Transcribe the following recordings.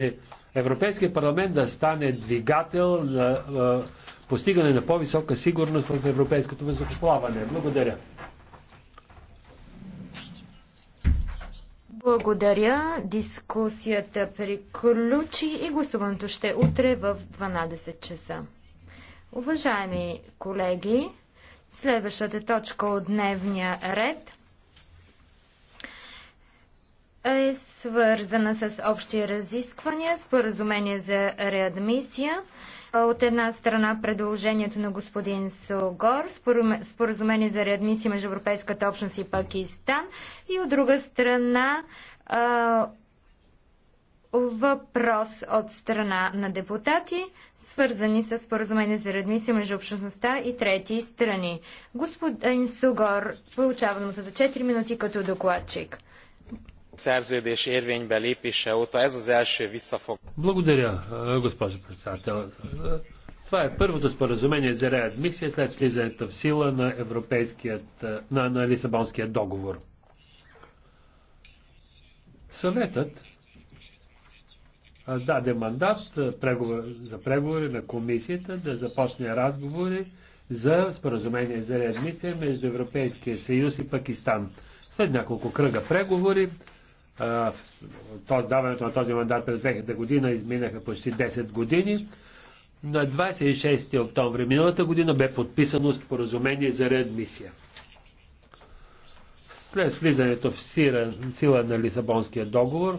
Е, Европейския парламент да стане двигател на постигане на по-висока сигурност в европейското въздухоплаване. Благодаря. Благодаря. Дискусията приключи и гласуването ще утре в 12 часа. Уважаеми колеги, следващата точка от дневния ред – е свързана с общи разисквания, споразумение за реадмисия. От една страна предложението на господин Согор, споразумение за реадмисия между Европейската общност и Пакистан и от друга страна въпрос от страна на депутати, свързани с споразумение за редмисия между общността и трети страни. Господин Сугор, получаваме за 4 минути като докладчик szerződés érvénybe lépése óta ez az első visszafog... Благодаря, госпожо председател. Това е първото споразумение за реадмисия след влизането в сила на европейският, на, на Лисабонския договор. Съветът даде мандат за преговори на комисията да започне разговори за споразумение за реадмисия между Европейския съюз и Пакистан. След няколко кръга преговори даването на този мандат през 2000 година изминаха почти 10 години. На 26 октомври миналата година бе подписано споразумение за реадмисия. След влизането в сила, сила на Лисабонския договор,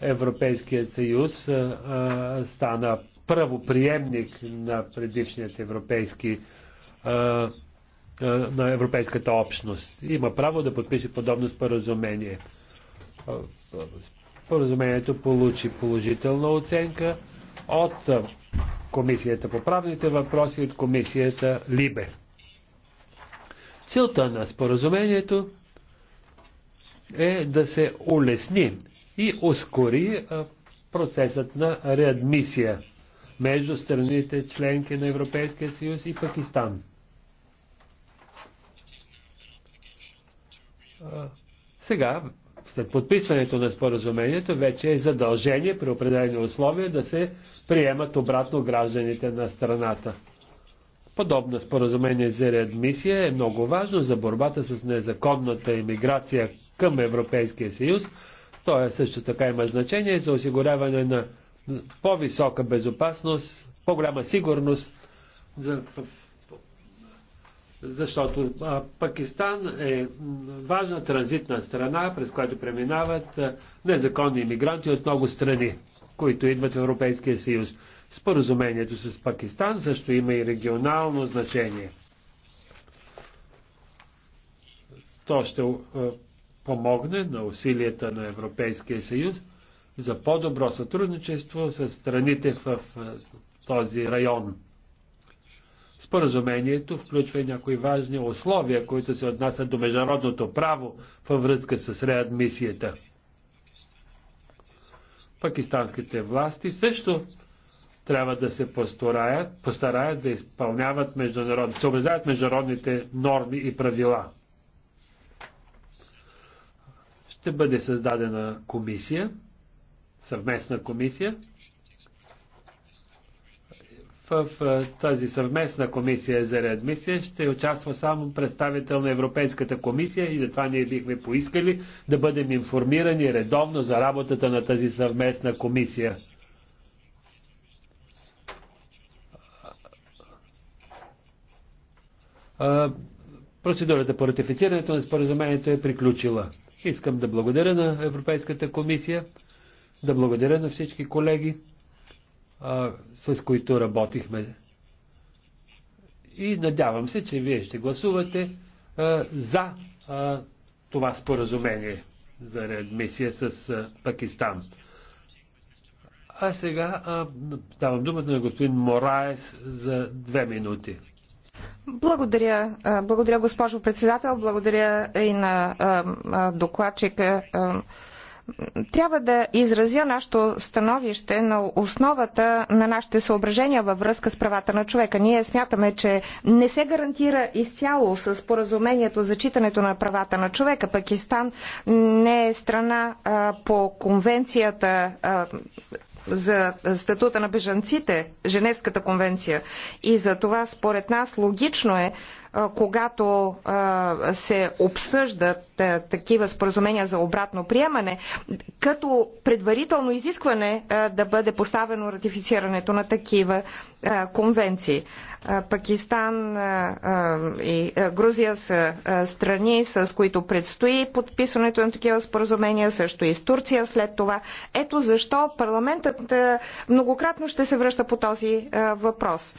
Европейският съюз а, а, стана правоприемник на предишният европейски а, на Европейската общност. Има право да подпише подобно споразумение. Споразумението получи положителна оценка от Комисията по правните въпроси от Комисията Либе. Целта на споразумението е да се улесни и ускори процесът на реадмисия между страните членки на Европейския съюз и Пакистан. Сега след подписването на споразумението вече е задължение при определени условия да се приемат обратно гражданите на страната. Подобно споразумение за реадмисия е много важно за борбата с незаконната иммиграция към Европейския съюз. То е също така има значение за осигуряване на по-висока безопасност, по-голяма сигурност за, в, защото Пакистан е важна транзитна страна, през която преминават незаконни иммигранти от много страни, които идват в Европейския съюз. Споразумението с Пакистан също има и регионално значение. То ще помогне на усилията на Европейския съюз за по-добро сътрудничество с страните в този район. Споразумението включва и някои важни условия, които се отнасят до международното право във връзка с реадмисията. Пакистанските власти също трябва да се постараят, постараят да изпълняват международни, съобразяват международните норми и правила. Ще бъде създадена комисия, съвместна комисия, в тази съвместна комисия за реадмисия ще участва само представител на Европейската комисия и затова ние бихме поискали да бъдем информирани редовно за работата на тази съвместна комисия. Процедурата по ратифицирането на споразумението е приключила. Искам да благодаря на Европейската комисия, да благодаря на всички колеги с които работихме. И надявам се, че вие ще гласувате за това споразумение за реадмисия с Пакистан. А сега а, давам думата на господин Мораес за две минути. Благодаря, благодаря госпожо председател, благодаря и на докладчика. Трябва да изразя нашето становище на основата на нашите съображения във връзка с правата на човека. Ние смятаме, че не се гарантира изцяло с поразумението за читането на правата на човека. Пакистан не е страна а, по конвенцията а, за статута на бежанците, Женевската конвенция. И за това, според нас, логично е когато се обсъждат такива споразумения за обратно приемане, като предварително изискване да бъде поставено ратифицирането на такива конвенции. Пакистан и Грузия са страни, с които предстои подписването на такива споразумения, също и с Турция след това. Ето защо парламентът многократно ще се връща по този въпрос.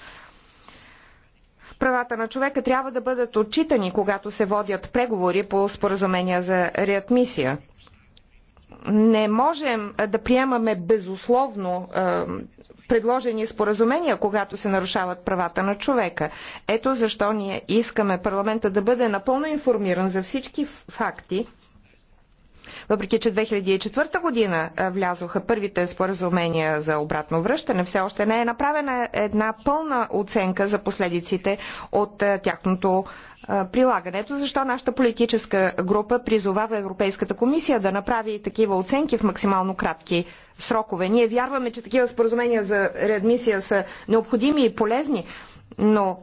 Правата на човека трябва да бъдат отчитани, когато се водят преговори по споразумения за реадмисия. Не можем да приемаме безусловно предложени споразумения, когато се нарушават правата на човека. Ето защо ние искаме парламента да бъде напълно информиран за всички факти въпреки, че 2004 година влязоха първите споразумения за обратно връщане, все още не е направена една пълна оценка за последиците от тяхното прилагането, защо нашата политическа група призовава Европейската комисия да направи такива оценки в максимално кратки срокове. Ние вярваме, че такива споразумения за реадмисия са необходими и полезни, но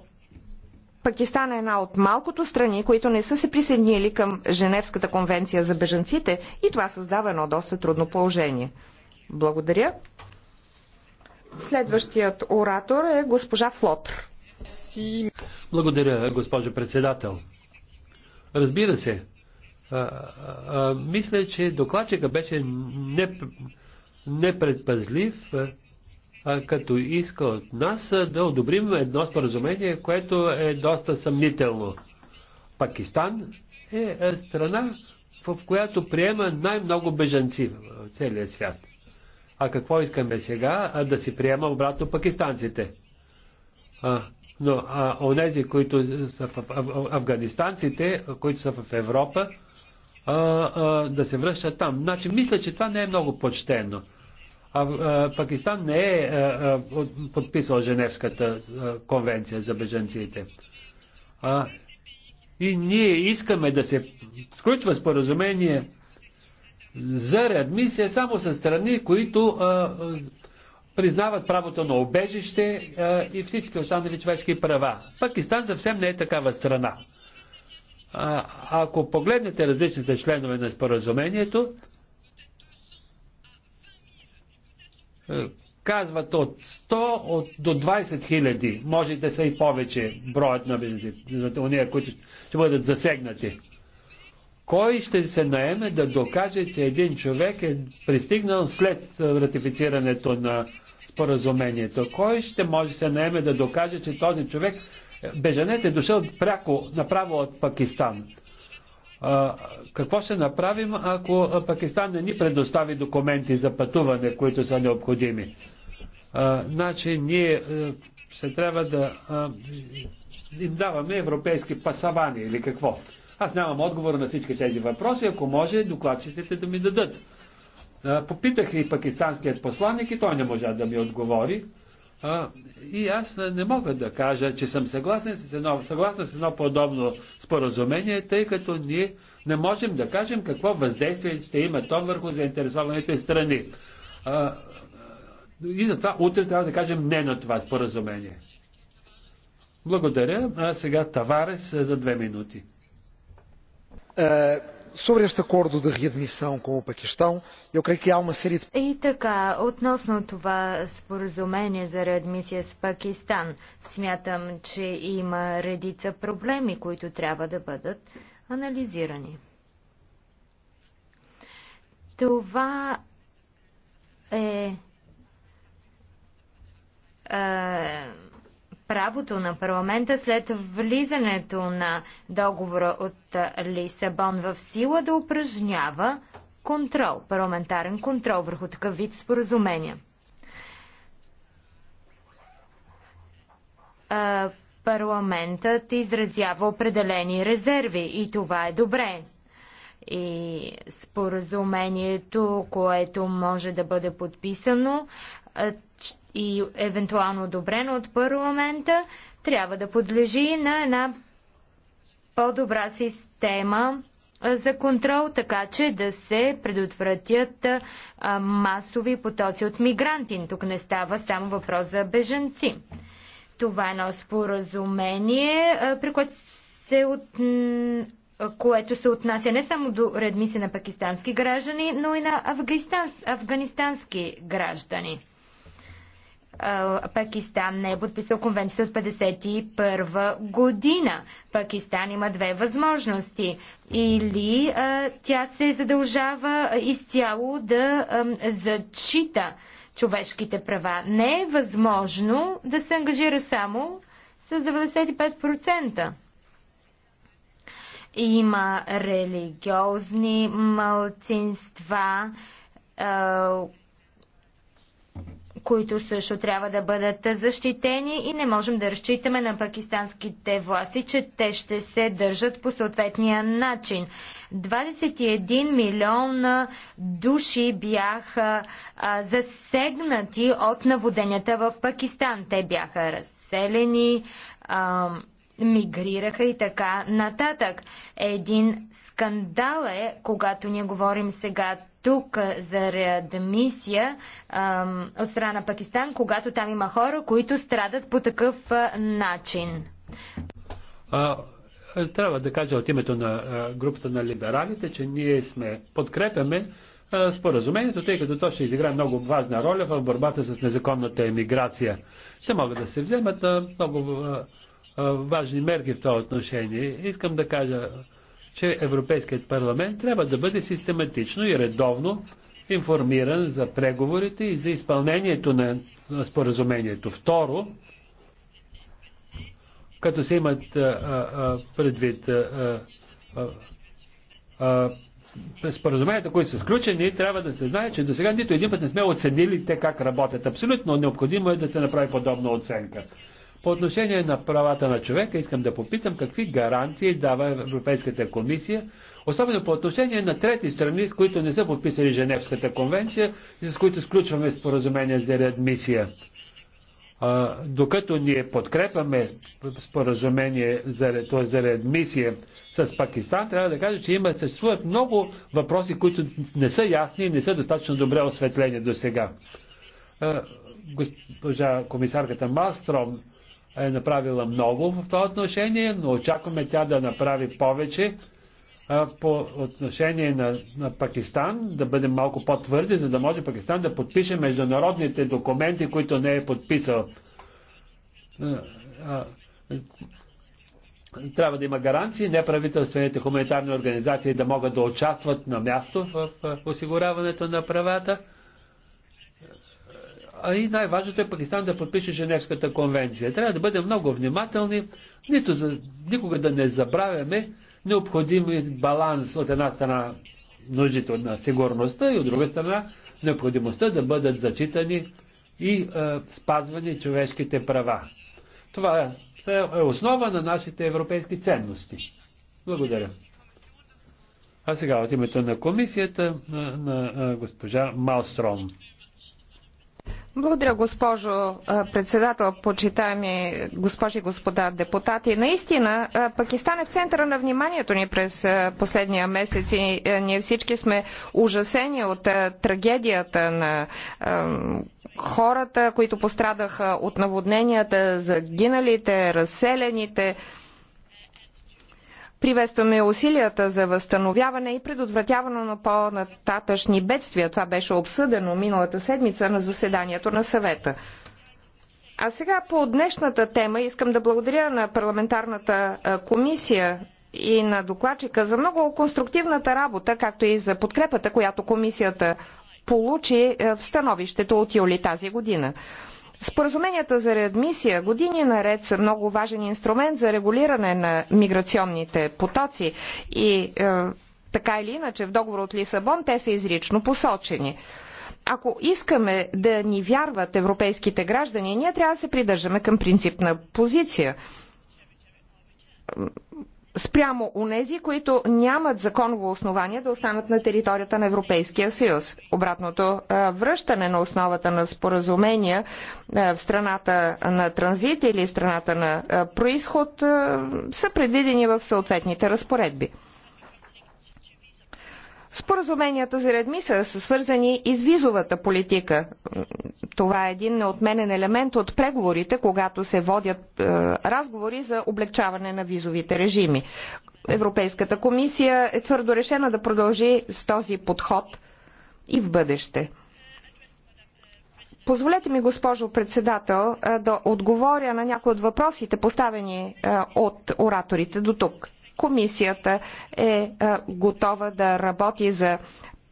Пакистан е една от малкото страни, които не са се присъединили към Женевската конвенция за бежанците и това създава едно доста трудно положение. Благодаря. Следващият оратор е госпожа Флотр. Благодаря, госпожо председател. Разбира се, а, а, мисля, че докладчика беше непредпазлив. Не като иска от нас да одобрим едно споразумение, което е доста съмнително. Пакистан е, е страна, в която приема най-много бежанци в целия свят. А какво искаме сега? Да си приема обратно пакистанците. А, но а, онези, които са в афганистанците, които са в Европа, а, а, да се връщат там. Значи, мисля, че това не е много почтено. А, а, Пакистан не е а, подписал Женевската конвенция за беженците. А, и ние искаме да се включва споразумение за реадмисия само с страни, които а, а, признават правото на обежище а, и всички останали човешки права. Пакистан съвсем не е такава страна. А, ако погледнете различните членове на споразумението, Е, казват от 100 от, до 20 хиляди, може да са и повече броят на за уния, които ще бъдат засегнати. Кой ще се наеме да докаже, че един човек е пристигнал след ратифицирането на споразумението? Кой ще може да се наеме да докаже, че този човек, е, беженец е дошъл пряко, направо от Пакистан? А, какво ще направим, ако Пакистан не ни предостави документи за пътуване, които са необходими? А, значи ние ще трябва да а, им даваме европейски пасавани или какво? Аз нямам отговор на всички тези въпроси, ако може докладчиците да ми дадат. Попитах и пакистанският посланник и той не можа да ми отговори. А, и аз не мога да кажа, че съм съгласен с едно, съгласен с едно подобно споразумение, тъй като ние не можем да кажем какво въздействие ще има то върху заинтересованите страни. А, и затова утре трябва да кажем не на това споразумение. Благодаря. А сега Таварес за две минути. Е, Sobre este acordo de readmissão com o Paquistão, eu creio que há uma série de... E така, относно това споразумение за реадмисия с Пакистан, смятам, че има редица проблеми, които трябва да бъдат анализирани. Това е, е правото на парламента след влизането на договора от Лисабон в сила да упражнява контрол, парламентарен контрол върху такъв вид споразумения. Парламентът изразява определени резерви и това е добре. И споразумението, което може да бъде подписано, и евентуално одобрено от парламента, трябва да подлежи на една по-добра система за контрол, така че да се предотвратят масови потоци от мигранти. Тук не става само въпрос за бежанци. Това е едно споразумение, при което се, от... което се отнася не само до редмиси на пакистански граждани, но и на афганистански граждани. Пакистан не е подписал конвенция от 1951 година. Пакистан има две възможности. Или а, тя се задължава изцяло да а, зачита човешките права. Не е възможно да се ангажира само с 95%. Има религиозни мълцинства, които също трябва да бъдат защитени и не можем да разчитаме на пакистанските власти, че те ще се държат по съответния начин. 21 милиона души бяха а, засегнати от наводенията в Пакистан. Те бяха разселени, а, мигрираха и така нататък. Един скандал е, когато ние говорим сега тук за реадмисия от страна на Пакистан, когато там има хора, които страдат по такъв начин? А, трябва да кажа от името на групата на либералите, че ние сме подкрепяме споразумението, тъй като то ще изиграе много важна роля в борбата с незаконната емиграция. Ще могат да се вземат много важни мерки в това отношение. Искам да кажа че Европейският парламент трябва да бъде систематично и редовно информиран за преговорите и за изпълнението на споразумението. Второ, като се имат а, а, предвид а, а, а, споразуменията, които са сключени, трябва да се знае, че до сега нито един път не сме оценили те как работят. Абсолютно необходимо е да се направи подобна оценка. По отношение на правата на човека, искам да попитам какви гаранции дава Европейската комисия, особено по отношение на трети страни, с които не са подписали Женевската конвенция и с които сключваме споразумение за реадмисия. А, докато ние подкрепяме споразумение за, т.е. Е за реадмисия с Пакистан, трябва да кажа, че има съществуват много въпроси, които не са ясни и не са достатъчно добре осветлени до сега. Госпожа комисарката Малстром е направила много в това отношение, но очакваме тя да направи повече по отношение на, на Пакистан, да бъде малко по-твърди, за да може Пакистан да подпише международните документи, които не е подписал. Трябва да има гаранции неправителствените хуманитарни организации да могат да участват на място в осигуряването на правата. А и най-важното е Пакистан да подпише Женевската конвенция. Трябва да бъдем много внимателни, нито за, никога да не забравяме необходим баланс от една страна нуждите на сигурността и от друга страна необходимостта да бъдат зачитани и е, спазвани човешките права. Това е основа на нашите европейски ценности. Благодаря. А сега от името на комисията на, на, на е, госпожа Малстром. Благодаря, госпожо председател, почитаеми госпожи и господа депутати. Наистина, Пакистан е в центъра на вниманието ни през последния месец и ние всички сме ужасени от трагедията на хората, които пострадаха от наводненията, загиналите, разселените, Приветстваме усилията за възстановяване и предотвратяване на по-нататъчни бедствия. Това беше обсъдено миналата седмица на заседанието на съвета. А сега по днешната тема искам да благодаря на парламентарната комисия и на докладчика за много конструктивната работа, както и за подкрепата, която комисията получи в становището от юли тази година. Споразуменията за реадмисия години наред са много важен инструмент за регулиране на миграционните потоци и е, така или иначе в договора от Лисабон те са изрично посочени. Ако искаме да ни вярват европейските граждани, ние трябва да се придържаме към принципна позиция спрямо унези, които нямат законово основание да останат на територията на Европейския съюз. Обратното връщане на основата на споразумения в страната на транзит или страната на происход са предвидени в съответните разпоредби. Споразуменията за редмиса са свързани и с визовата политика. Това е един неотменен елемент от преговорите, когато се водят е, разговори за облегчаване на визовите режими. Европейската комисия е твърдо решена да продължи с този подход и в бъдеще. Позволете ми, госпожо председател, е, да отговоря на някои от въпросите, поставени е, от ораторите до тук комисията е, е готова да работи за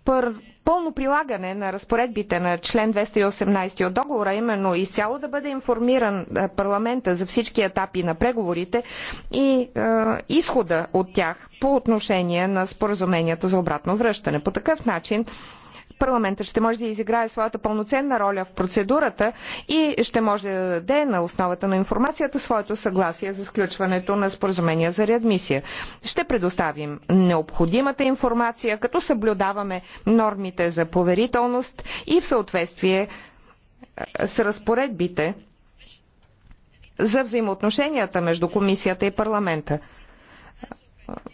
пър... пълно прилагане на разпоредбите на член 218 от договора, именно изцяло да бъде информиран е, парламента за всички етапи на преговорите и е, изхода от тях по отношение на споразуменията за обратно връщане. По такъв начин парламентът ще може да изиграе своята пълноценна роля в процедурата и ще може да даде на основата на информацията своето съгласие за сключването на споразумения за реадмисия. Ще предоставим необходимата информация, като съблюдаваме нормите за поверителност и в съответствие с разпоредбите за взаимоотношенията между комисията и парламента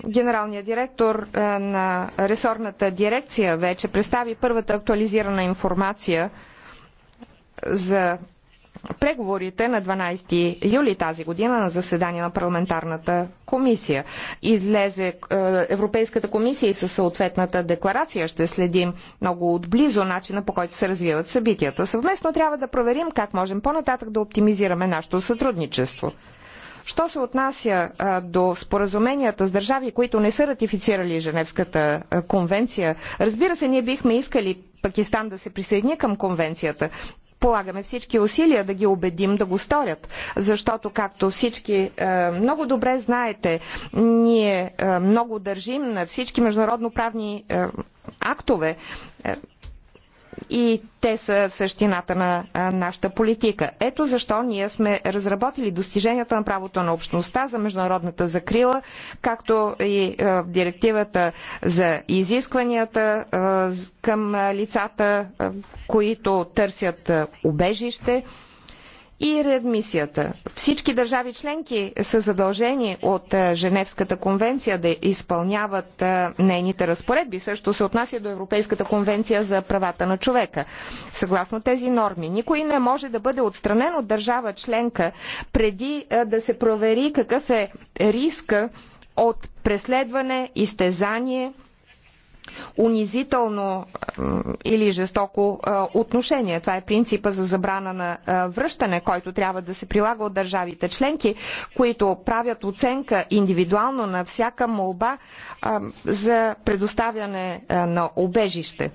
генералният директор е, на ресорната дирекция вече представи първата актуализирана информация за преговорите на 12 юли тази година на заседание на парламентарната комисия. Излезе е, Европейската комисия и със съответната декларация ще следим много отблизо начина по който се развиват събитията. Съвместно трябва да проверим как можем по-нататък да оптимизираме нашето сътрудничество. Що се отнася до споразуменията с държави, които не са ратифицирали Женевската конвенция, разбира се, ние бихме искали Пакистан да се присъедини към конвенцията. Полагаме всички усилия да ги убедим да го сторят, защото, както всички много добре знаете, ние много държим на всички международно правни актове и те са в същината на нашата политика. Ето защо ние сме разработили достиженията на правото на общността за международната закрила, както и директивата за изискванията към лицата, които търсят убежище и реадмисията. Всички държави членки са задължени от Женевската конвенция да изпълняват нейните разпоредби. Също се отнася до Европейската конвенция за правата на човека. Съгласно тези норми, никой не може да бъде отстранен от държава членка преди да се провери какъв е риска от преследване, изтезание, унизително или жестоко отношение. Това е принципа за забрана на връщане, който трябва да се прилага от държавите членки, които правят оценка индивидуално на всяка молба за предоставяне на обежище.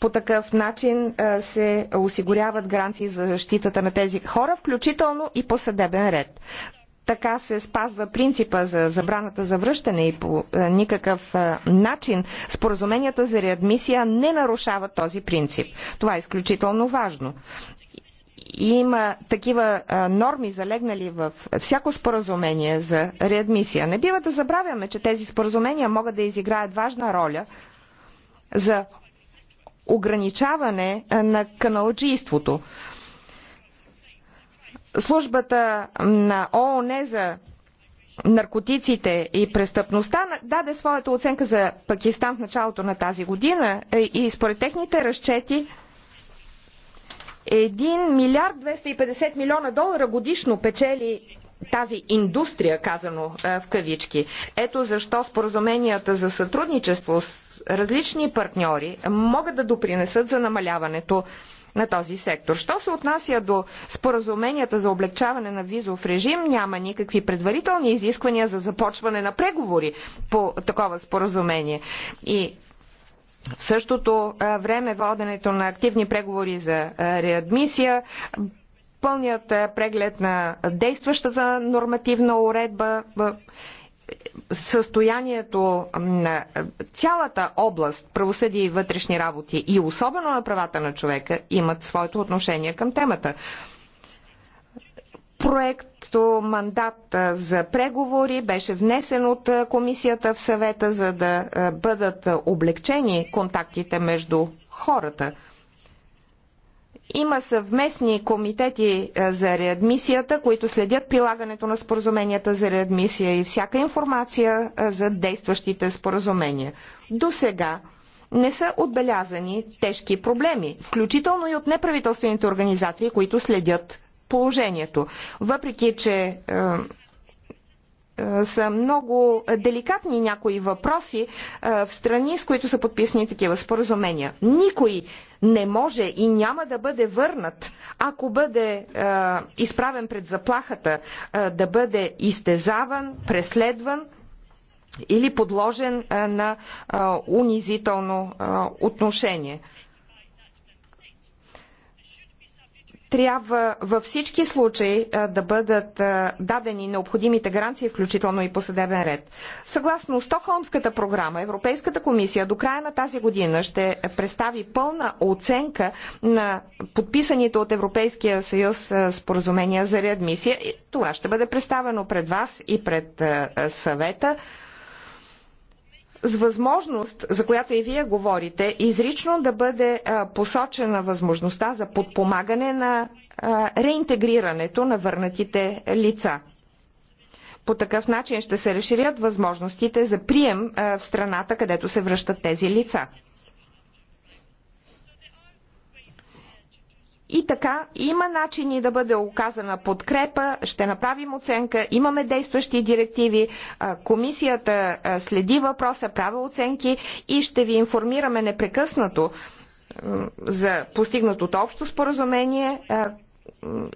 По такъв начин се осигуряват гаранции за защитата на тези хора, включително и по съдебен ред така се спазва принципа за забраната за връщане и по е, никакъв е, начин споразуменията за реадмисия не нарушават този принцип. Това е изключително важно. И има такива е, норми залегнали в всяко споразумение за реадмисия. Не бива да забравяме, че тези споразумения могат да изиграят важна роля за ограничаване на каналджийството службата на ООН за наркотиците и престъпността даде своята оценка за Пакистан в началото на тази година е, и според техните разчети 1 милиард 250 милиона долара годишно печели тази индустрия, казано е, в кавички. Ето защо споразуменията за сътрудничество с различни партньори могат да допринесат за намаляването на този сектор. Що се отнася до споразуменията за облегчаване на визов режим, няма никакви предварителни изисквания за започване на преговори по такова споразумение. И в същото време воденето на активни преговори за реадмисия пълният преглед на действащата нормативна уредба състоянието на цялата област правосъдие и вътрешни работи и особено на правата на човека имат своето отношение към темата. Проекто мандат за преговори беше внесен от комисията в съвета, за да бъдат облегчени контактите между хората – има съвместни комитети е, за реадмисията, които следят прилагането на споразуменията за реадмисия и всяка информация е, за действащите споразумения. До сега не са отбелязани тежки проблеми, включително и от неправителствените организации, които следят положението. Въпреки, че е, е, са много деликатни някои въпроси е, в страни, с които са подписани такива споразумения. Никой не може и няма да бъде върнат, ако бъде е, изправен пред заплахата е, да бъде изтезаван, преследван или подложен е, на е, унизително е, отношение. трябва във всички случаи да бъдат дадени необходимите гаранции, включително и по съдебен ред. Съгласно Стокхолмската програма, Европейската комисия до края на тази година ще представи пълна оценка на подписаните от Европейския съюз споразумения за реадмисия. Това ще бъде представено пред вас и пред съвета с възможност, за която и вие говорите, изрично да бъде посочена възможността за подпомагане на реинтегрирането на върнатите лица. По такъв начин ще се разширят възможностите за прием в страната, където се връщат тези лица. И така, има начини да бъде оказана подкрепа, ще направим оценка, имаме действащи директиви, комисията следи въпроса, права оценки и ще ви информираме непрекъснато за постигнатото общо споразумение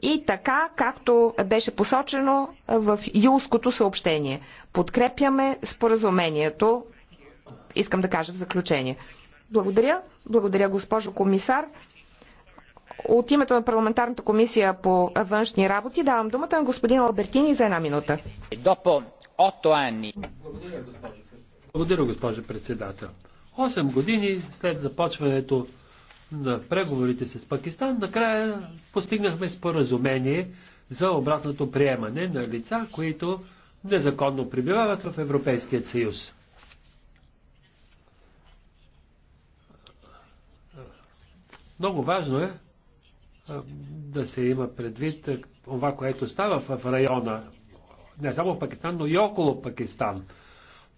и така, както беше посочено в юлското съобщение. Подкрепяме споразумението, искам да кажа в заключение. Благодаря, благодаря госпожо комисар. От името на парламентарната комисия по външни работи давам думата на господин Албертини за една минута. Благодаря, госпожо. Благодаря, госпожо председател. 8 години след започването на преговорите с Пакистан, накрая постигнахме споразумение за обратното приемане на лица, които незаконно прибивават в Европейския съюз. Много важно е да се има предвид е, това, което става в района, не само в Пакистан, но и около Пакистан.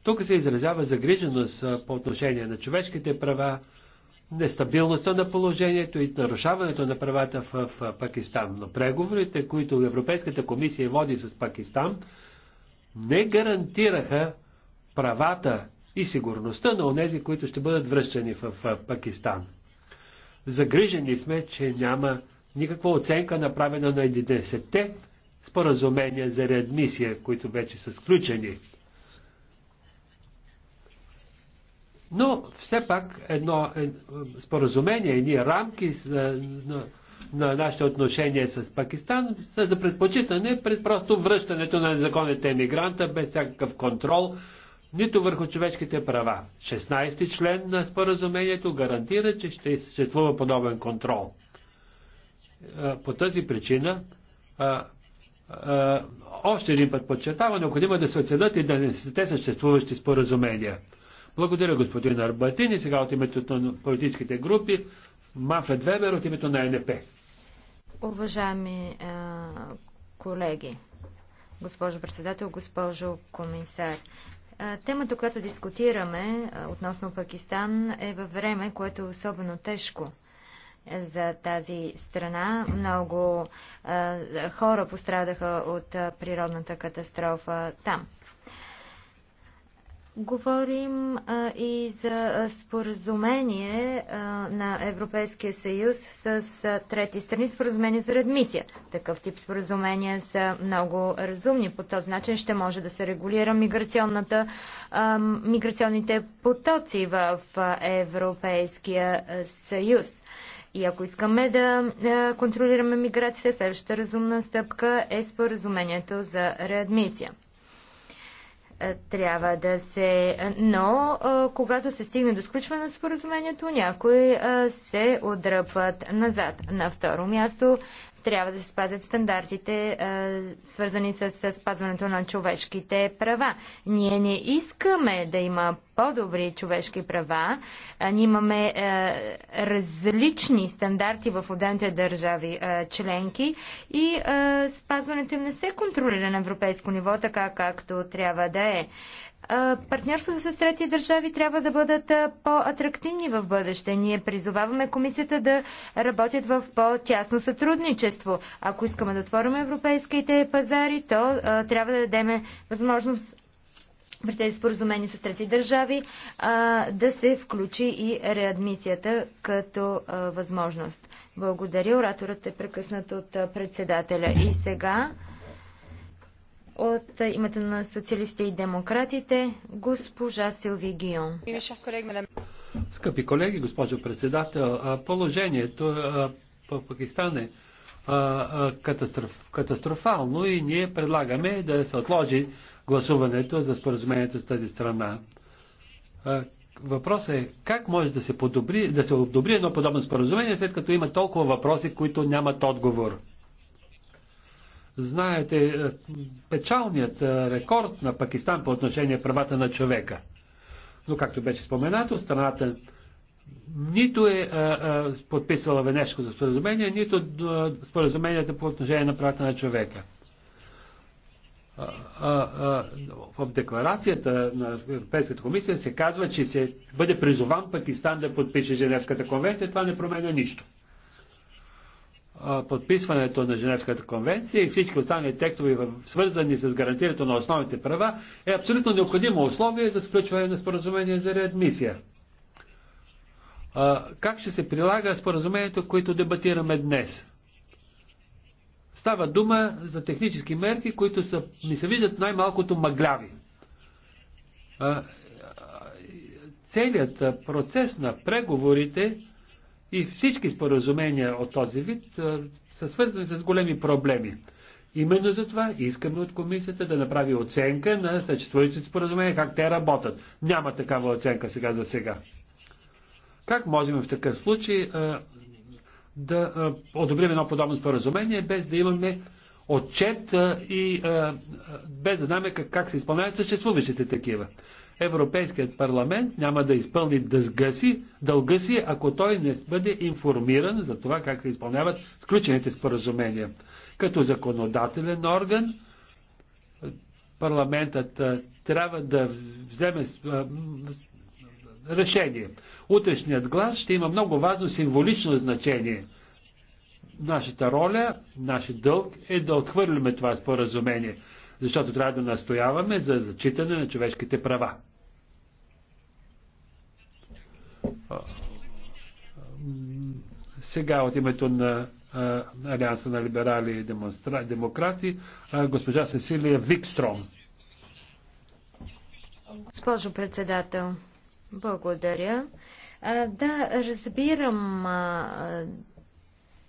Тук се изразява загриженост по отношение на човешките права, нестабилността на положението и нарушаването на правата в Пакистан. Но преговорите, които Европейската комисия води с Пакистан, не гарантираха правата и сигурността на онези, които ще бъдат връщани в Пакистан. Загрижени сме, че няма никаква оценка направена на 11-те споразумения за реадмисия, които вече са сключени. Но все пак едно е, споразумение, едни рамки на, на, на нашите отношения с Пакистан са за предпочитане пред просто връщането на незаконните емигранта без всякакъв контрол, нито върху човешките права. 16 ти член на споразумението гарантира, че ще съществува подобен контрол по тази причина още един път подчертава, необходимо е да се оценят и да не са те съществуващи споразумения. Благодаря господин Арбатин и сега от името на политическите групи Мафред Вебер от името на НП. Уважаеми е, колеги, госпожо председател, госпожо комисар, Темата, която дискутираме относно Пакистан е във време, което е особено тежко за тази страна. Много хора пострадаха от природната катастрофа там. Говорим а, и за споразумение а, на Европейския съюз с а, трети страни, споразумение за редмисия. Такъв тип споразумения са много разумни. По този начин ще може да се регулира миграционната, а, миграционните потоци в а, Европейския съюз. И ако искаме да е, контролираме миграцията, следващата разумна стъпка е споразумението за реадмисия. Е, трябва да се. Но, е, когато се стигне до сключване на споразумението, някои се отдръпват назад. На второ място, трябва да се спазят стандартите, свързани с спазването на човешките права. Ние не искаме да има по-добри човешки права. Ние имаме различни стандарти в отделните държави членки и спазването им не се контролира на европейско ниво, така както трябва да е. Партньорствата с трети държави трябва да бъдат по-атрактивни в бъдеще. Ние призоваваме комисията да работят в по-тясно сътрудничество. Ако искаме да отворим европейските пазари, то трябва да дадем възможност при тези споразумения с трети държави да се включи и реадмисията като възможност. Благодаря. Ораторът е прекъснат от председателя. И сега. От е, името на социалистите и демократите, госпожа Силви Гион. Скъпи колеги, госпожо председател, положението в Пакистан е катастроф, катастрофално и ние предлагаме да се отложи гласуването за споразумението с тази страна. Въпросът е как може да се подобри, да се одобри едно подобно споразумение, след като има толкова въпроси, които нямат отговор. Знаете е, печалният е, рекорд на Пакистан по отношение правата на човека. Но както беше споменато, страната нито е, е а, Венешко подписала Венешкото споразумение, нито споразуменията по отношение на правата на човека. в декларацията на Европейската комисия се казва, че се бъде призован Пакистан да подпише Женевската конвенция. Това не променя нищо подписването на Женевската конвенция и всички останали текстове, свързани с гарантирането на основните права, е абсолютно необходимо условие за сключване на споразумение за реадмисия. Как ще се прилага споразумението, което дебатираме днес? Става дума за технически мерки, които са, ми се виждат най-малкото мъгляви. Целият процес на преговорите и всички споразумения от този вид са свързани с големи проблеми. Именно за това искаме от комисията да направи оценка на съществуващите споразумения, как те работят. Няма такава оценка сега за сега. Как можем в такъв случай да одобрим едно подобно споразумение, без да имаме отчет и без да знаме как, как се изпълняват съществуващите такива? Европейският парламент няма да изпълни дълга си, дълга си, ако той не бъде информиран за това как се изпълняват сключените споразумения. Като законодателен орган, парламентът трябва да вземе решение. Утрешният глас ще има много важно символично значение. Нашата роля, нашия дълг е да отхвърлиме това споразумение, защото трябва да настояваме за зачитане на човешките права. Сега от името на Алианса на либерали и демократи, госпожа Сесилия Викстром. Госпожо председател, благодаря. А, да, разбирам а,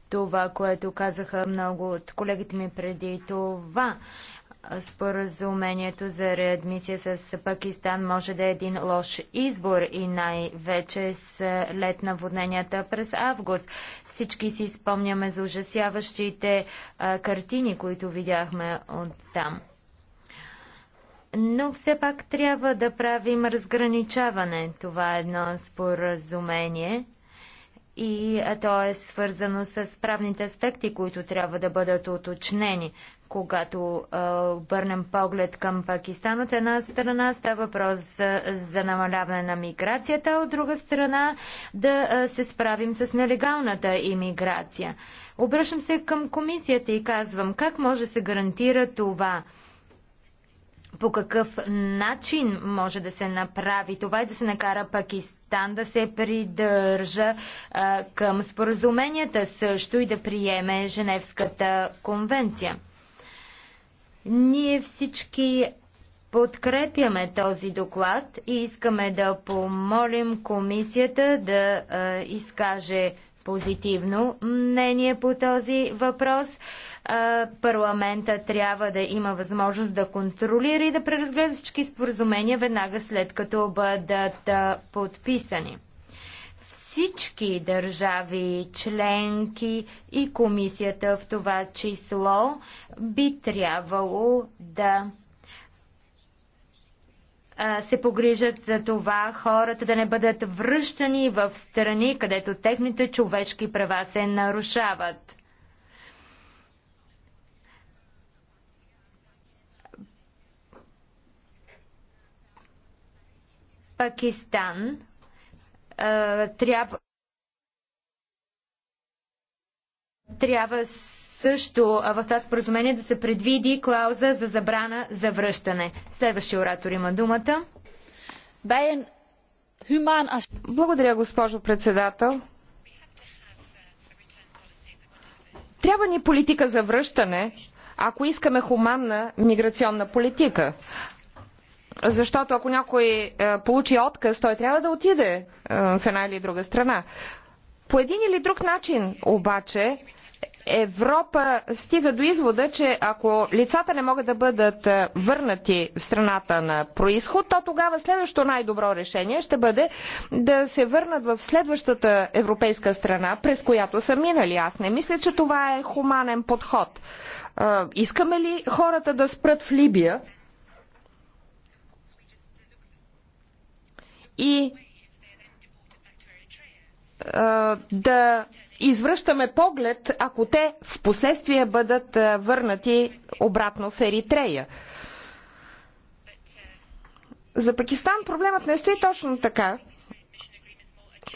това, което казаха много от колегите ми преди това. Споразумението за реадмисия с Пакистан може да е един лош избор и най-вече с на наводненията през август. Всички си спомняме за ужасяващите а, картини, които видяхме от там. Но все пак трябва да правим разграничаване. Това е едно споразумение – и то е свързано с правните аспекти, които трябва да бъдат уточнени. Когато обърнем поглед към Пакистан от една страна, става въпрос за, за намаляване на миграцията, а от друга страна да а, се справим с нелегалната имиграция. Обръщам се към комисията и казвам как може да се гарантира това – по какъв начин може да се направи това и да се накара Пакистан да се придържа а, към споразуменията също и да приеме Женевската конвенция. Ние всички подкрепяме този доклад и искаме да помолим комисията да а, изкаже позитивно мнение по този въпрос парламента трябва да има възможност да контролира и да преразгледа всички споразумения веднага след като бъдат подписани. Всички държави, членки и комисията в това число би трябвало да се погрижат за това хората да не бъдат връщани в страни, където техните човешки права се нарушават. Пакистан трябва трябва също в това споразумение да се предвиди клауза за забрана за връщане. Следващия оратор има думата. Благодаря, госпожо председател. Трябва ни политика за връщане, ако искаме хуманна миграционна политика. Защото ако някой е, получи отказ, той трябва да отиде е, в една или друга страна. По един или друг начин обаче Европа стига до извода, че ако лицата не могат да бъдат е, върнати в страната на происход, то тогава следващото най-добро решение ще бъде да се върнат в следващата европейска страна, през която са минали. Аз не мисля, че това е хуманен подход. Искаме ли хората да спрат в Либия, и да извръщаме поглед, ако те в последствие бъдат върнати обратно в Еритрея. За Пакистан проблемът не стои точно така.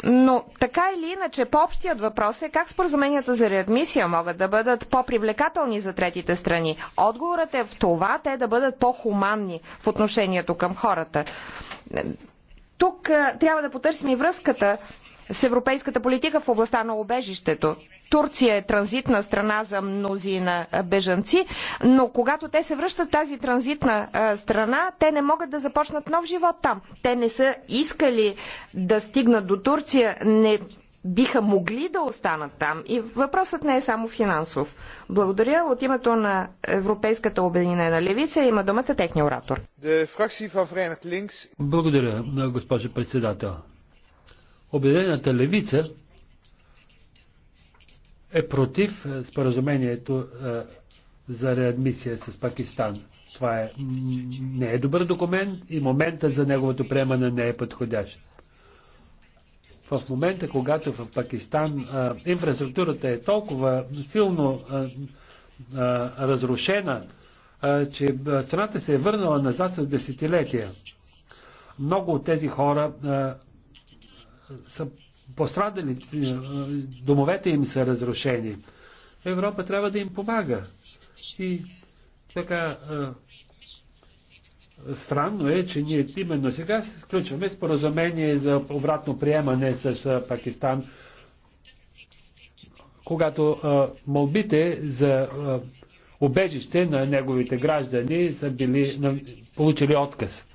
Но така или иначе, по-общият въпрос е как споразуменията за реадмисия могат да бъдат по-привлекателни за третите страни. Отговорът е в това те да бъдат по-хуманни в отношението към хората тук трябва да потърсим и връзката с европейската политика в областта на обежището. Турция е транзитна страна за мнозина бежанци, но когато те се връщат в тази транзитна страна, те не могат да започнат нов живот там. Те не са искали да стигнат до Турция, не биха могли да останат там. И въпросът не е само финансов. Благодаря от името на Европейската обединена левица има думата техния оратор. Благодаря, госпожо председател. Обединената левица е против е, споразумението е, за реадмисия с Пакистан. Това е, не е добър документ и моментът за неговото приемане не е подходящ в момента, когато в Пакистан а, инфраструктурата е толкова силно а, а, разрушена, а, че страната се е върнала назад с десетилетия. Много от тези хора а, са пострадали, домовете им са разрушени. Европа трябва да им помага. И така, а, странно е, че ние именно сега сключваме споразумение за обратно приемане с Пакистан, когато молбите за убежище на неговите граждани са били получили отказ.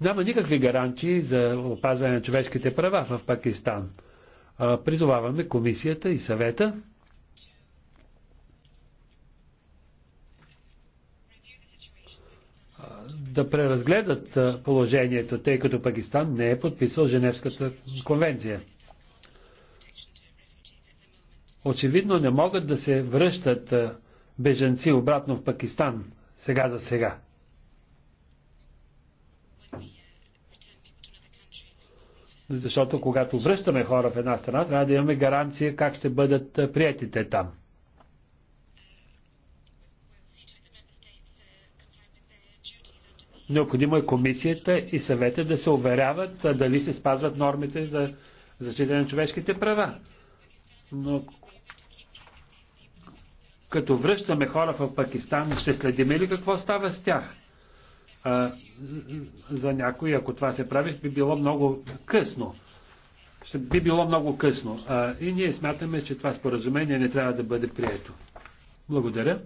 Няма никакви гарантии за опазване на човешките права в Пакистан. Призоваваме комисията и съвета да преразгледат положението, тъй като Пакистан не е подписал Женевската конвенция. Очевидно не могат да се връщат беженци обратно в Пакистан, сега за сега. Защото когато връщаме хора в една страна, трябва да имаме гаранция как ще бъдат приятите там. Необходимо е комисията и съвета да се уверяват дали се спазват нормите за защита на човешките права. Но като връщаме хора в Пакистан, ще следим ли какво става с тях? А, за някои, ако това се прави, би било много късно. Ще би било много късно. А, и ние смятаме, че това споразумение не трябва да бъде прието. Благодаря.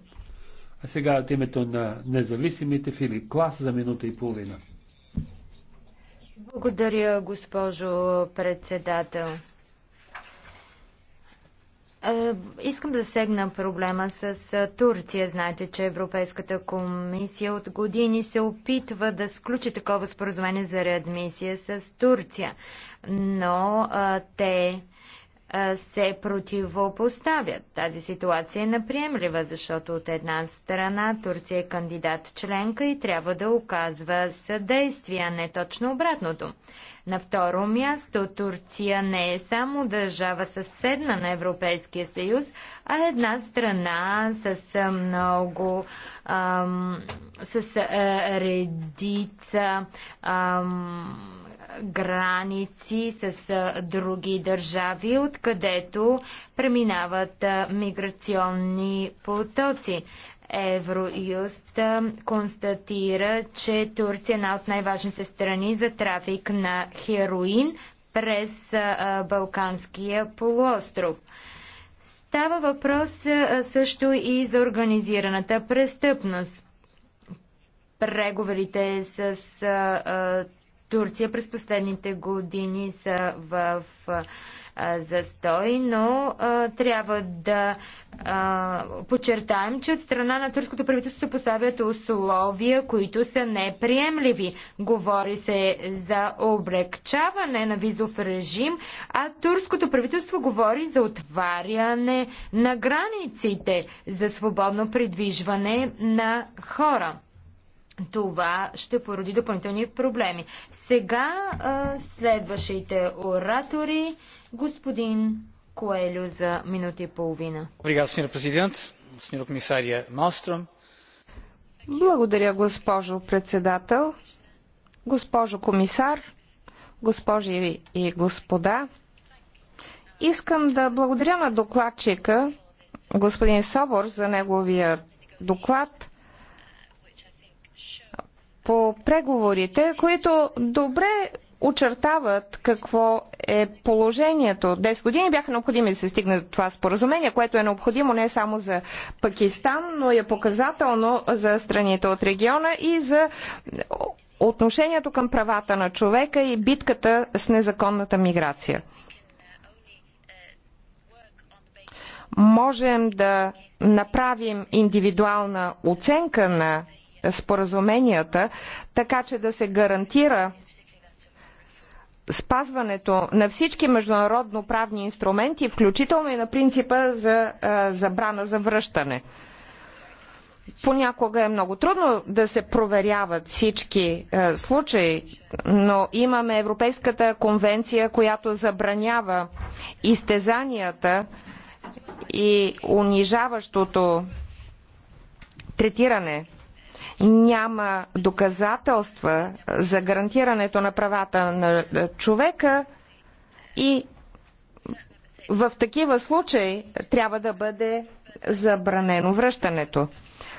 А сега от името на независимите Филип Клас за минута и половина. Благодаря, госпожо председател. Е, искам да сегна проблема с е, Турция. Знаете, че Европейската комисия от години се опитва да сключи такова споразумение за реадмисия с Турция, но а, е, те се противопоставят. Тази ситуация е наприемлива, защото от една страна Турция е кандидат членка и трябва да оказва съдействие, а не точно обратното. На второ място Турция не е само държава съседна на Европейския съюз, а е една страна с много ам, с а, редица ам, граници с други държави, откъдето преминават миграционни потоци. Евроюст констатира, че Турция е една от най-важните страни за трафик на хероин през Балканския полуостров. Става въпрос също и за организираната престъпност. Преговорите с Турция през последните години са в а, застой, но а, трябва да а, подчертаем, че от страна на турското правителство се поставят условия, които са неприемливи. Говори се за облегчаване на визов режим, а турското правителство говори за отваряне на границите, за свободно придвижване на хора това ще породи допълнителни проблеми. Сега а, следващите оратори, господин Коелю за минути и половина. Благодаря, госпожо председател, госпожо комисар, госпожи и господа. Искам да благодаря на докладчика, господин Собор, за неговия доклад – по преговорите, които добре очертават какво е положението. 10 години бяха необходими да се стигне до това споразумение, което е необходимо не само за Пакистан, но е показателно за страните от региона и за отношението към правата на човека и битката с незаконната миграция. Можем да направим индивидуална оценка на споразуменията, така че да се гарантира спазването на всички международно правни инструменти, включително и на принципа за забрана за връщане. Понякога е много трудно да се проверяват всички е, случаи, но имаме Европейската конвенция, която забранява изтезанията и унижаващото третиране няма доказателства за гарантирането на правата на човека и в такива случаи трябва да бъде забранено връщането.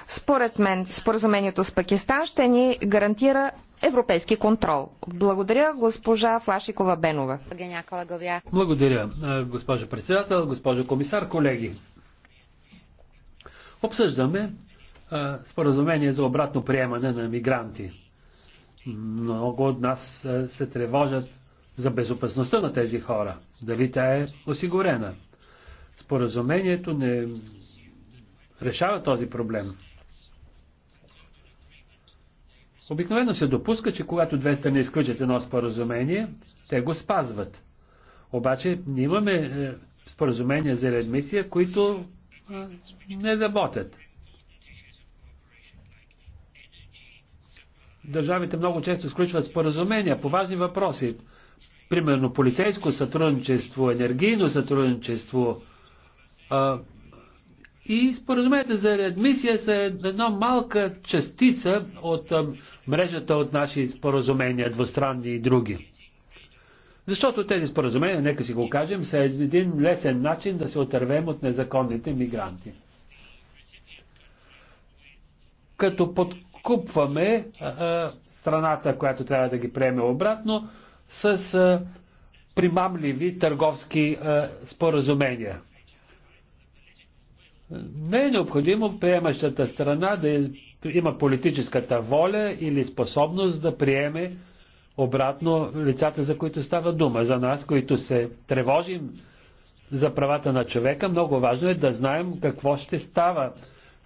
Според мен, споразумението с Пакистан ще ни гарантира европейски контрол. Благодаря, госпожа Флашикова Бенова. Благодаря, госпожо председател, госпожо комисар, колеги. Обсъждаме споразумение за обратно приемане на мигранти. Много от нас се тревожат за безопасността на тези хора. Дали тя е осигурена? Споразумението не решава този проблем. Обикновено се допуска, че когато две страни изключат едно споразумение, те го спазват. Обаче имаме е, споразумения за редмисия, които е, не работят. държавите много често сключват споразумения по важни въпроси. Примерно полицейско сътрудничество, енергийно сътрудничество. А, и споразумението за реадмисия са една малка частица от а, мрежата от наши споразумения, двустранни и други. Защото тези споразумения, нека си го кажем, са един лесен начин да се отървем от незаконните мигранти. Като под изкупваме а, страната, която трябва да ги приеме обратно, с а, примамливи търговски а, споразумения. Не е необходимо приемащата страна да е, има политическата воля или способност да приеме обратно лицата, за които става дума. За нас, които се тревожим за правата на човека, много важно е да знаем какво ще става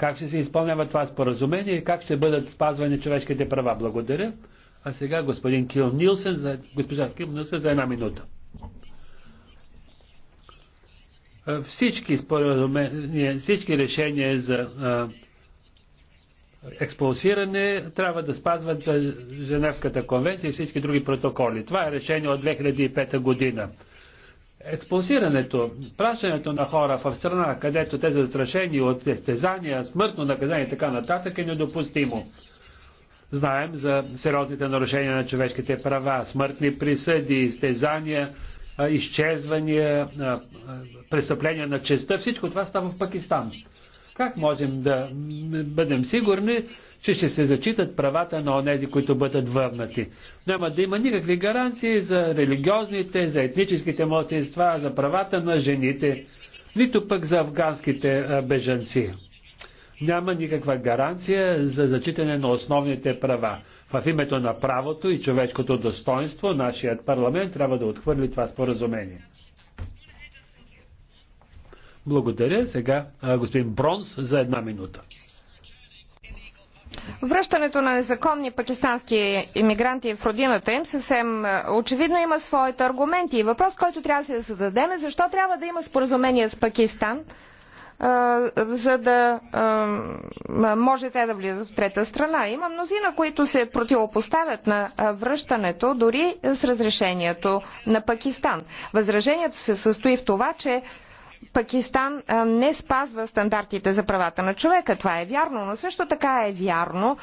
как ще се изпълнява това споразумение и как ще бъдат спазвани човешките права. Благодаря. А сега господин Кил Нилсен за, госпожа Кил Нилсен за една минута. Всички споразумения, всички решения за експулсиране трябва да спазват Женевската конвенция и всички други протоколи. Това е решение от 2005 година експулсирането, пращането на хора в страна, където те са застрашени от изтезания, смъртно наказание и така нататък е недопустимо. Знаем за сериозните нарушения на човешките права, смъртни присъди, изтезания, изчезвания, престъпления на честа. Всичко това става в Пакистан. Как можем да бъдем сигурни, че ще се зачитат правата на онези, които бъдат върнати. Няма да има никакви гаранции за религиозните, за етническите младсинства, за правата на жените, нито пък за афганските бежанци. Няма никаква гаранция за зачитане на основните права. В името на правото и човешкото достоинство, нашият парламент трябва да отхвърли това споразумение. Благодаря. Сега господин Бронс за една минута. Връщането на незаконни пакистански иммигранти в родината им съвсем е, очевидно има своите аргументи. И въпрос, който трябва да се зададем е защо трябва да има споразумение с Пакистан, е, за да е, може те да влизат в трета страна. Има мнозина, които се противопоставят на връщането дори с разрешението на Пакистан. Възражението се състои в това, че Пакистан не спазва стандартите за правата на човека. Това е вярно, но също така е вярно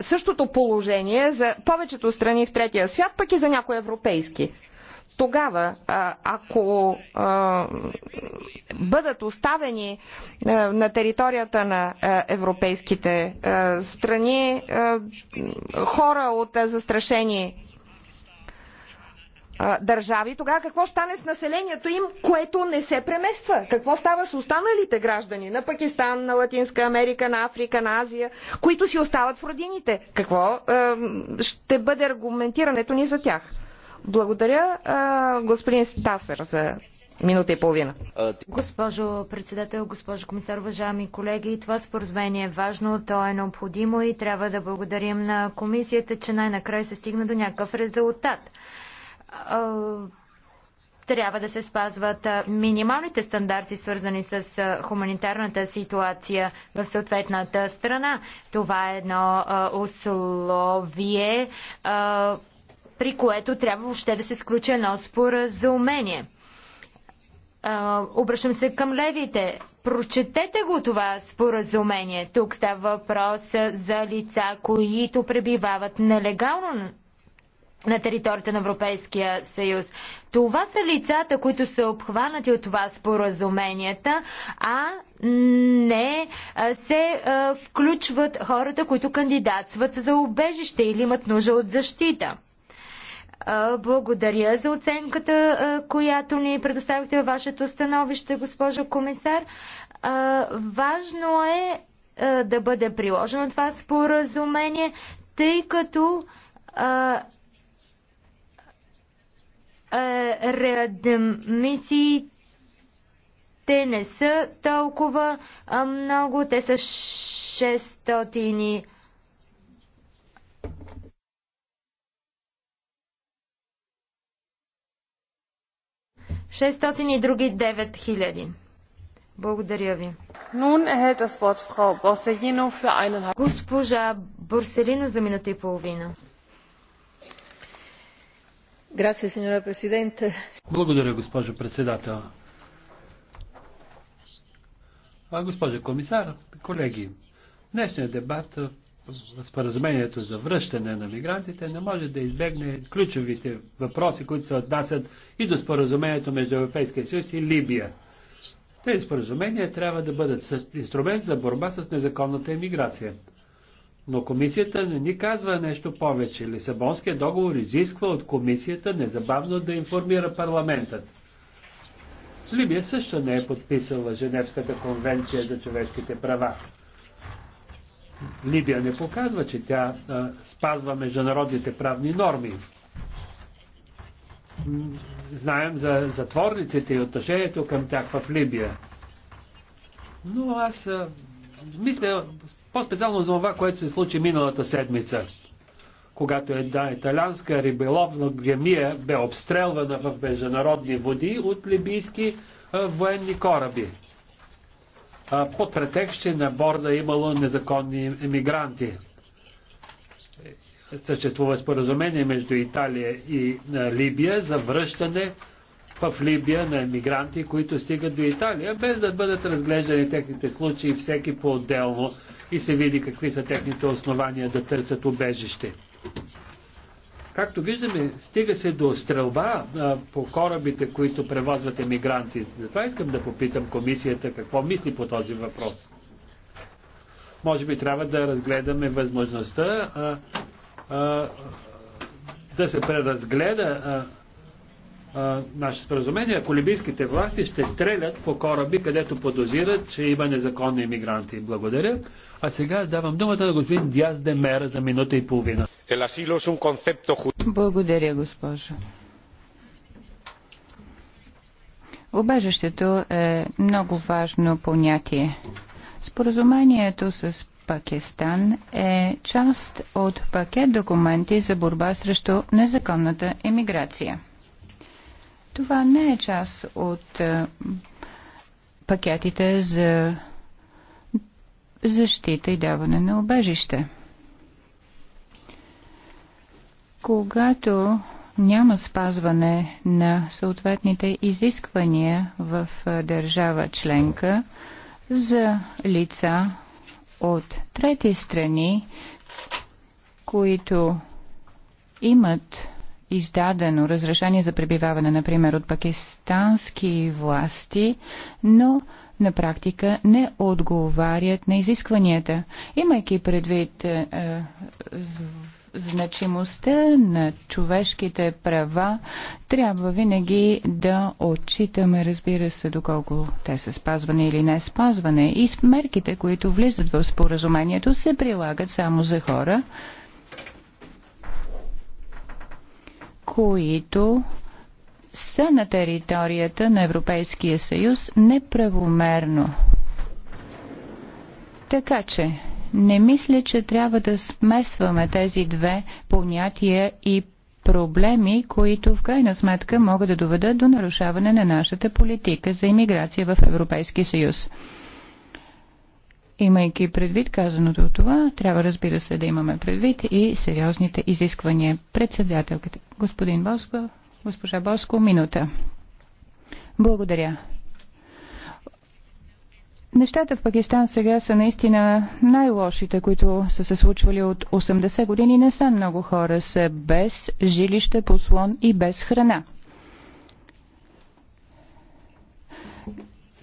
същото положение за повечето страни в третия свят, пък и за някои европейски тогава, ако бъдат оставени на територията на европейските страни хора от застрашени държави, тогава какво стане с населението им, което не се премества? Какво става с останалите граждани на Пакистан, на Латинска Америка, на Африка, на Азия, които си остават в родините? Какво ще бъде аргументирането ни за тях? Благодаря, господин Стасър, за минута и половина. Госпожо председател, госпожо комисар, уважаеми колеги, това споразумение е важно, то е необходимо и трябва да благодарим на комисията, че най-накрая се стигна до някакъв резултат трябва да се спазват минималните стандарти, свързани с хуманитарната ситуация в съответната страна. Това е едно условие, при което трябва въобще да се сключи едно споразумение. Обръщам се към левите. Прочетете го това споразумение. Тук става въпрос за лица, които пребивават нелегално на територията на Европейския съюз. Това са лицата, които са обхванати от това споразуменията, а не се включват хората, които кандидатстват за убежище или имат нужда от защита. Благодаря за оценката, която ни предоставихте във вашето становище, госпожо комисар. Важно е да бъде приложено това споразумение, тъй като е, реадмисиите не са толкова много, те са 600 600 и други 9000. Благодаря ви. Nun erhält das Wort Frau Borsellino für eineinhalb. Госпожа Борселино за минута и половина. Благодаря, госпожо председател. А, госпожо комисар, колеги, днешният дебат споразумението за връщане на мигрантите не може да избегне ключовите въпроси, които се отнасят и до споразумението между Европейския съюз и Либия. Тези споразумения трябва да бъдат инструмент за борба с незаконната емиграция. Но комисията не ни казва нещо повече. Лисабонския договор изисква от комисията незабавно да информира парламентът. Либия също не е подписала Женевската конвенция за човешките права. Либия не показва, че тя а, спазва международните правни норми. Знаем за затворниците и отношението към тях в Либия. Но аз а, мисля, по-специално за това, което се случи миналата седмица, когато една италянска риболовна гемия бе обстрелвана в международни води от либийски военни кораби. А, под претекст, че на борда имало незаконни емигранти. Съществува споразумение между Италия и Либия за връщане в Либия на емигранти, които стигат до Италия, без да бъдат разглеждани техните случаи всеки по-отделно и се види какви са техните основания да търсят убежище. Както виждаме, стига се до стрелба а, по корабите, които превозват емигранти. Затова искам да попитам комисията какво мисли по този въпрос. Може би трябва да разгледаме възможността а, а, да се преразгледа а, а, наше споразумение. Колибийските власти ще стрелят по кораби, където подозират, че има незаконни емигранти. Благодаря. А сега давам думата на господин Диаз де Мера за минута и половина. Благодаря, госпожо. Обежището е много важно понятие. Споразумението с Пакистан е част от пакет документи за борба срещу незаконната емиграция. Това не е част от е, пакетите за защита и даване на обежище. Когато няма спазване на съответните изисквания в държава членка за лица от трети страни, които имат издадено разрешение за пребиваване, например, от пакистански власти, но на практика не отговарят на изискванията. Имайки предвид е, е значимостта на човешките права, трябва винаги да отчитаме, разбира се, доколко те са спазване или не спазване. И мерките, които влизат в споразумението, се прилагат само за хора, които са на територията на Европейския съюз неправомерно. Така че, не мисля, че трябва да смесваме тези две понятия и проблеми, които в крайна сметка могат да доведат до нарушаване на нашата политика за иммиграция в Европейския съюз. Имайки предвид казаното от това, трябва разбира се да имаме предвид и сериозните изисквания. Председателката, господин Босков. Госпожа Боско, минута. Благодаря. Нещата в Пакистан сега са наистина най-лошите, които са се случвали от 80 години. Не са много хора, са без жилище, послон и без храна.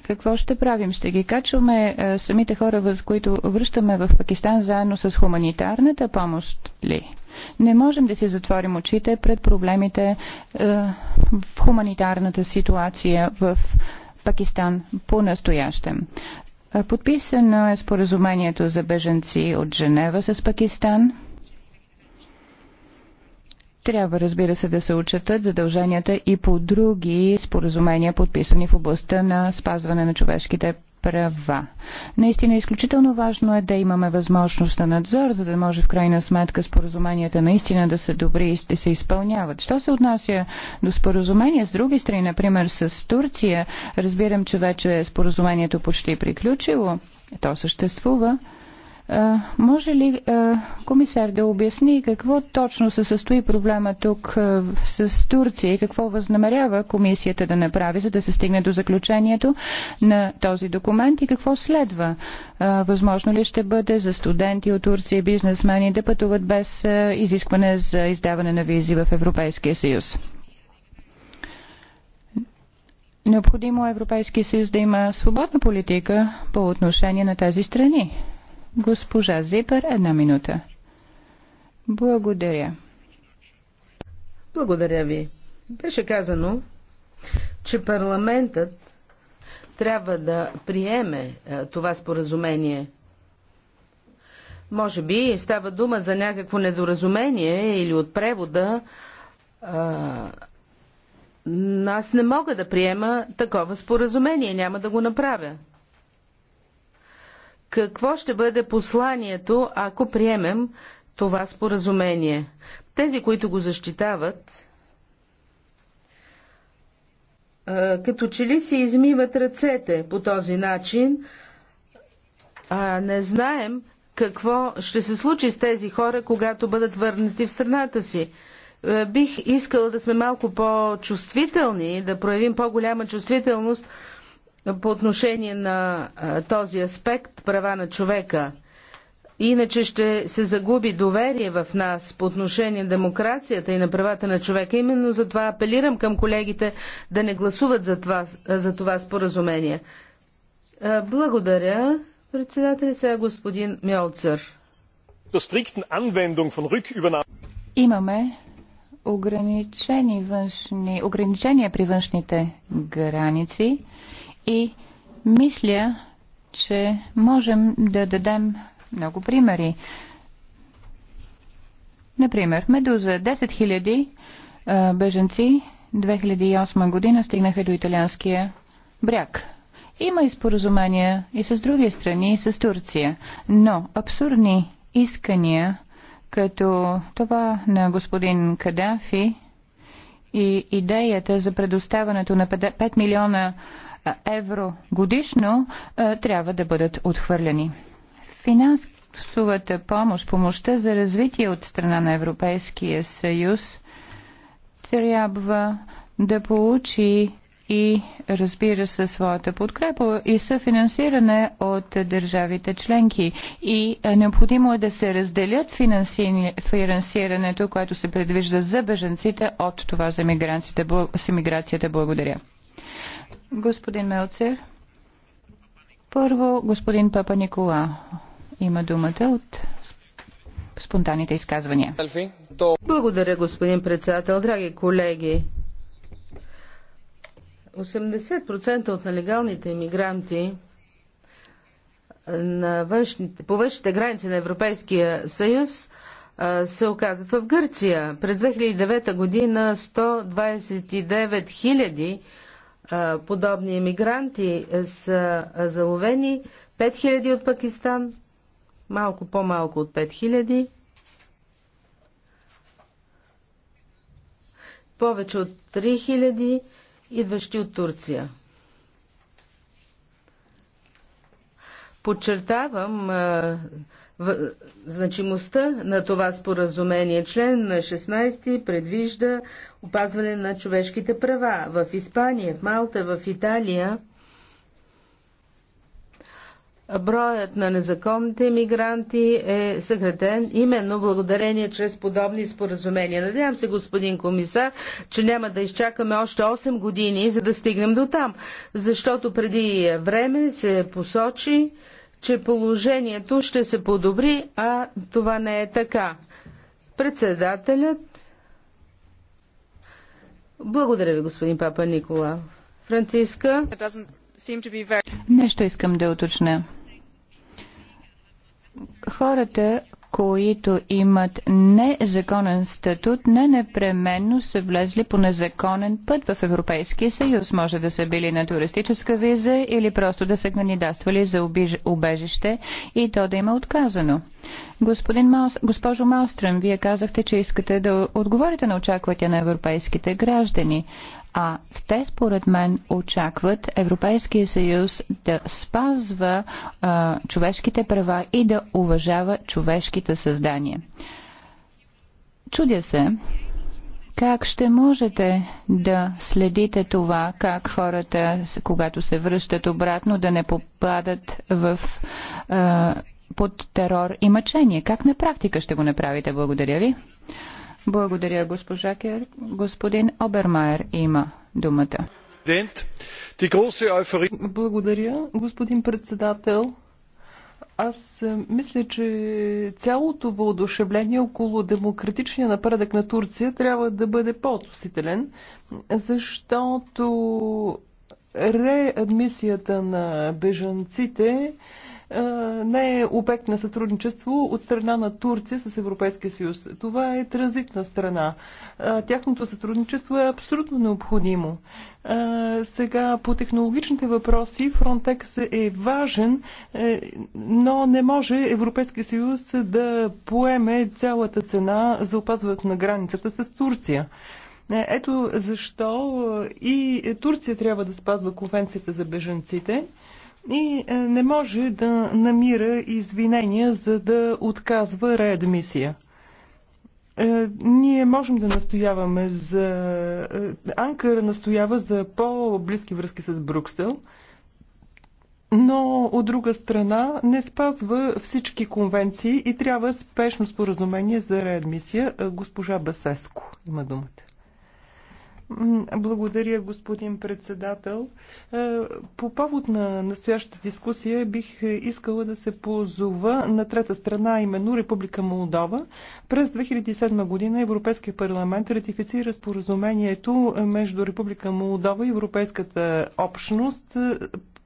какво ще правим? Ще ги качваме е, самите хора, които връщаме в Пакистан заедно с хуманитарната помощ ли? Не можем да си затворим очите пред проблемите е, в хуманитарната ситуация в Пакистан по-настоящем. Е, подписано е споразумението за беженци от Женева с Пакистан. Трябва, разбира се, да се учетат задълженията и по други споразумения, подписани в областта на спазване на човешките права. Наистина изключително важно е да имаме възможност на надзор, за да може в крайна сметка споразуменията наистина да са добри и да се изпълняват. Що се отнася до споразумения с други страни, например с Турция, разбирам, че вече споразумението почти е приключило, то съществува. Е, може ли е, комисар да обясни какво точно се състои проблема тук е, с Турция и какво възнамерява комисията да направи, за да се стигне до заключението на този документ и какво следва? Възможно ли ще бъде за студенти от Турция и бизнесмени да пътуват без изискване за издаване на визи в Европейския съюз? Необходимо Европейския съюз да има свободна политика по отношение на тези страни. Госпожа Зипер, една минута. Благодаря. Благодаря ви. Беше казано, че парламентът трябва да приеме е, това споразумение. Може би става дума за някакво недоразумение или от превода. А, е, аз не мога да приема такова споразумение, няма да го направя. Какво ще бъде посланието, ако приемем това споразумение? Тези, които го защитават, като че ли си измиват ръцете по този начин, а не знаем какво ще се случи с тези хора, когато бъдат върнати в страната си. Е, бих искала да сме малко по-чувствителни, да проявим по-голяма чувствителност по отношение на този аспект права на човека. Иначе ще се загуби доверие в нас по отношение на демокрацията и на правата на човека. Именно за това апелирам към колегите да не гласуват за това, за това споразумение. Благодаря. Председателя сега господин Мьолцър. Имаме ограничени външни, ограничения при външните граници и мисля, че можем да дадем много примери. Например, Медуза 10 000 беженци 2008 година стигнаха до италианския бряг. Има и споразумения и с други страни, и с Турция, но абсурдни искания, като това на господин Кадафи и идеята за предоставането на 5 милиона евро годишно, е, трябва да бъдат отхвърлени. Финансовата помощ, помощта за развитие от страна на Европейския съюз трябва да получи и разбира се своята подкрепа и съфинансиране от държавите членки. И е, необходимо е да се разделят финансирането, което се предвижда за беженците от това за миграцията. Благодаря. Господин Мелцер. Първо, господин Папа Никола има думата от спонтанните изказвания. Благодаря, господин председател. Драги колеги, 80% от нелегалните иммигранти на външните, по външните граници на Европейския съюз се оказват в Гърция. През 2009 година 129 000 подобни емигранти е, са заловени. 5000 от Пакистан, малко по-малко от 5000. Повече от 3000 идващи от Турция. Подчертавам е, в... Значимостта на това споразумение член на 16 предвижда опазване на човешките права в Испания, в Малта, в Италия. Броят на незаконните мигранти е съкратен именно благодарение чрез подобни споразумения. Надявам се, господин комисар, че няма да изчакаме още 8 години, за да стигнем до там, защото преди време се посочи, че положението ще се подобри, а това не е така. Председателят. Благодаря ви, господин Папа Никола. Франциска. Very... Нещо искам да уточня. Хората, които имат незаконен статут, не непременно са влезли по незаконен път в Европейския съюз. Може да са били на туристическа виза или просто да са кандидатствали за убежище и то да има е отказано. Господин Маус, госпожо Малстрем, вие казахте, че искате да отговорите на очаквания на европейските граждани а те според мен очакват Европейския съюз да спазва а, човешките права и да уважава човешките създания. Чудя се, как ще можете да следите това, как хората, когато се връщат обратно, да не попадат в, а, под терор и мъчение? Как на практика ще го направите? Благодаря ви. Благодаря, госпожа Кер. Господин Обермайер има думата. Благодаря, господин председател. Аз е, мисля, че цялото въодушевление около демократичния напредък на Турция трябва да бъде по-относителен, защото реадмисията на бежанците е, не е обект на сътрудничество от страна на Турция с Европейския съюз. Това е транзитна страна. Е, тяхното сътрудничество е абсолютно необходимо. Е, сега по технологичните въпроси Frontex е важен, но не може Европейския съюз да поеме цялата цена за опазването на границата с Турция. Ето защо и Турция трябва да спазва конвенцията за беженците и е, не може да намира извинения, за да отказва реадмисия. Е, ние можем да настояваме за... Е, Анкара настоява за по-близки връзки с Брюксел, но от друга страна не спазва всички конвенции и трябва спешно споразумение за реадмисия. Госпожа Басеско има думата. Благодаря, господин председател. Е, по повод на настоящата дискусия бих искала да се позова на трета страна, именно Република Молдова. През 2007 година Европейския парламент ратифицира споразумението между Република Молдова и Европейската общност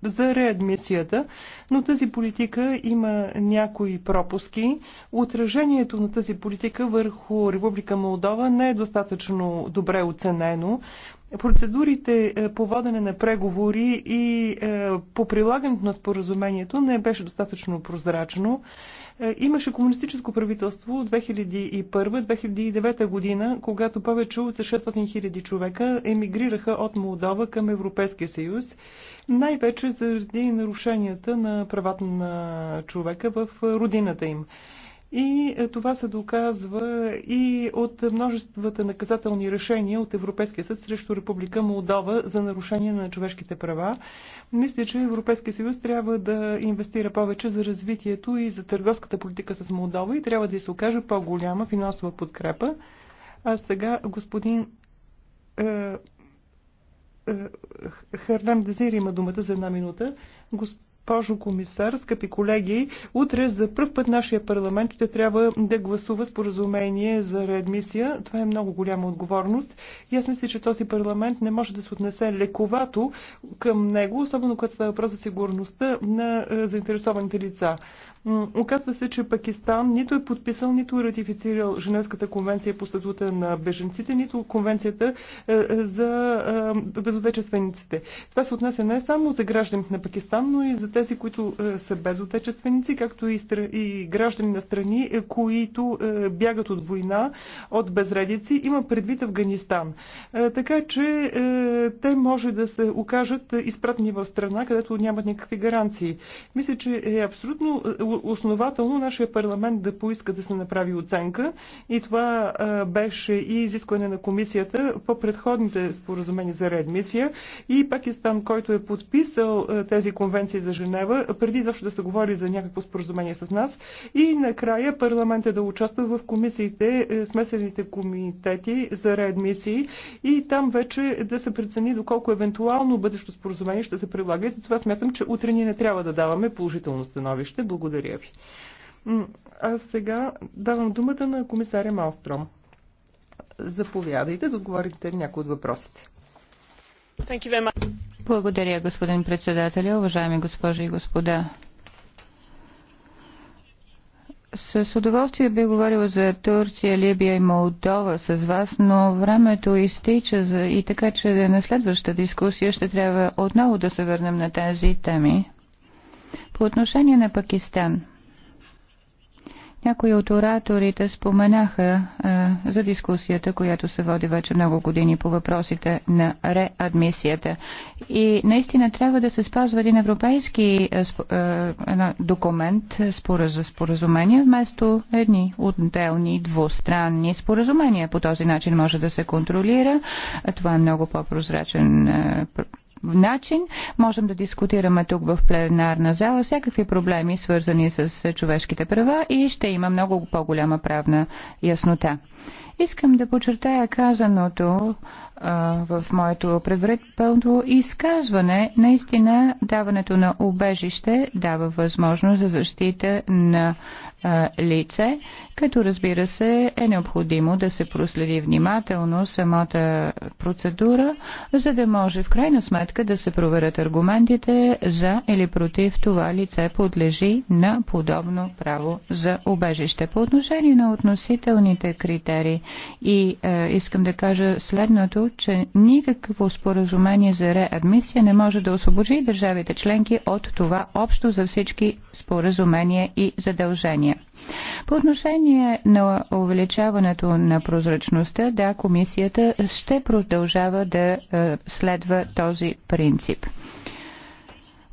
за реадмисията, но тази политика има някои пропуски. Отражението на тази политика върху Република Молдова не е достатъчно добре оценено. Процедурите е, по водене на преговори и е, по прилагането на споразумението не беше достатъчно прозрачно. Е, имаше комунистическо правителство 2001-2009 година, когато повече от 600 000 човека емигрираха от Молдова към Европейския съюз, най-вече заради нарушенията на правата на човека в родината им. И е, това се доказва и от множествата наказателни решения от Европейския съд срещу Република Молдова за нарушение на човешките права. Мисля, че Европейския съюз трябва да инвестира повече за развитието и за търговската политика с Молдова и трябва да й се окаже по-голяма финансова подкрепа. А сега господин е, е, Харлем Дезир има думата за една минута. Госп госпожо комисар, скъпи колеги, утре за първ път нашия парламент ще трябва да гласува споразумение за реадмисия. Това е много голяма отговорност и аз мисля, че този парламент не може да се отнесе лековато към него, особено когато става въпрос за сигурността на заинтересованите лица. Оказва се, че Пакистан нито е подписал, нито е ратифицирал Женевската конвенция по статута на беженците, нито конвенцията е, е, за е, безотечествениците. Това се отнася не само за гражданите на Пакистан, но и за тези, които са безотечественици, както и граждани на страни, които бягат от война, от безредици. Има предвид Афганистан. Така че те може да се окажат изпратни в страна, където нямат никакви гаранции. Мисля, че е абсолютно основателно нашия парламент да поиска да се направи оценка и това беше и изискване на комисията по предходните споразумения за реадмисия и Пакистан, който е подписал тези конвенции за Женева, преди защо да се говори за някакво споразумение с нас и накрая парламентът е да участва в комисиите, е, смесените комитети за реадмисии и там вече да се прецени доколко евентуално бъдещо споразумение ще се прилага и затова смятам, че утре ние не трябва да даваме положително становище. Благодаря. Благодаря ви. А сега давам думата на комисаря Малстром. Заповядайте да отговорите някои от въпросите. Благодаря, господин председател, уважаеми госпожи и господа. С удоволствие би говорила за Турция, Либия и Молдова с вас, но времето изтича за... и така, че на следващата дискусия ще трябва отново да се върнем на тези теми. По отношение на Пакистан, някои от ораторите споменаха а, за дискусията, която се води вече много години по въпросите на реадмисията. И наистина трябва да се спазва един европейски а, а, документ спораз, за споразумение, вместо едни отделни двустранни споразумения. По този начин може да се контролира. Това е много по-прозрачен начин. Можем да дискутираме тук в пленарна зала всякакви проблеми, свързани с човешките права и ще има много по-голяма правна яснота. Искам да подчертая казаното в моето предварително изказване. Наистина, даването на убежище дава възможност за защита на лице, като разбира се е необходимо да се проследи внимателно самата процедура, за да може в крайна сметка да се проверят аргументите за или против това лице подлежи на подобно право за убежище. По отношение на относителните критерии и е, искам да кажа следното, че никакво споразумение за реадмисия не може да освободи държавите членки от това общо за всички споразумения и задължения решения. По отношение на увеличаването на прозрачността, да, комисията ще продължава да е, следва този принцип.